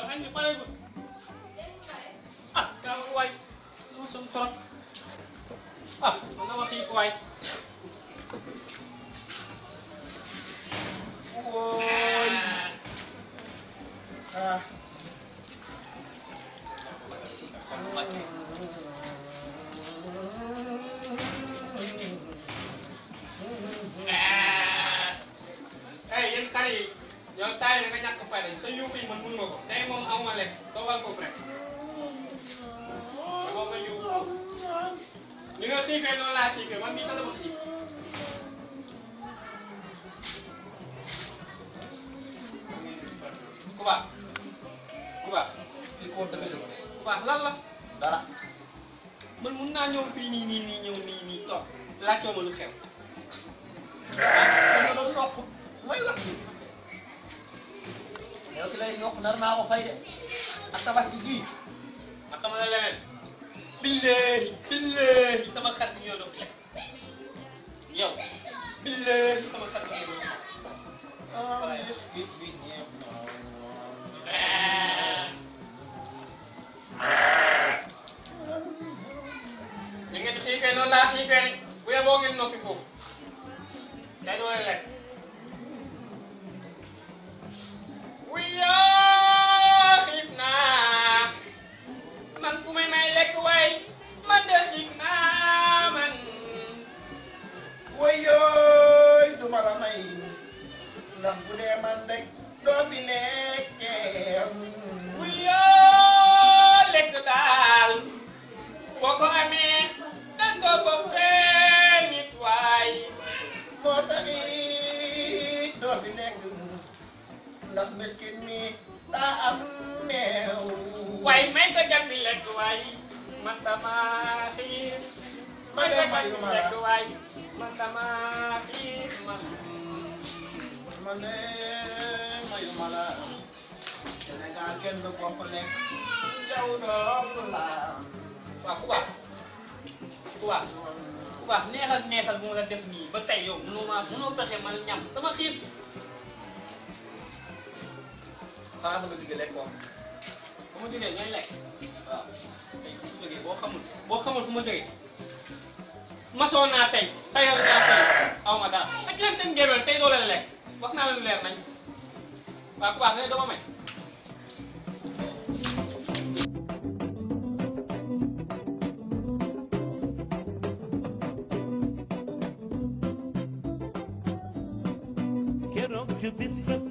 yow añ bi pareegul ah kaa wax waay lu sum trop ah man na wax yi waay wóoy ah yi sa yuuxu yi man mun nga ko tey moom aw ma lekk dogal ko rek moom nga yuuxu foofu li nga xiifee noonu laa xiifee man mii sax dama xiif ku baax ku baax fii koor dafa jóg ku baax lan la dara man mun naa ñëw fii nii nii nii ñëw nii nii toog laajoo ma lu xew yokk nar naa ko fay de ak tabaski gii. ma xamal leneen. billahi billahi sama xar bi ñoo doon fi yow. billahi sama xar bi ñoo doon fi ah biscuit bi ñeex na. li ngeen xiifee noonu laa xiifee rek bu yeboo ngeen noppi foofu. dañoo lekk. kon bu dee man rek doo fi lekkee mu yoo lekk daal boo ko amee danga bokkee waay moo taxit doo fi lekk ndax biscuit mi daa am man ne mayu ma la Sénégal kenn du bokk lekk yow dootul la. waaw ku baax ku baax ku baax neexal neexal ma la nii ba tey yow mënoo maa mënoo fexe ma ñam dama xiif. xanaa sama digg lekk moom. ba ma jógee ngay lekk. waaw tey fu ma jógee boo naa tey tayoon naa tey aw ma dara ak leen seen njëriñ tey doo leen wax naa la lu leer nañ waaw quoi léegi dama may. keroog ci bis ba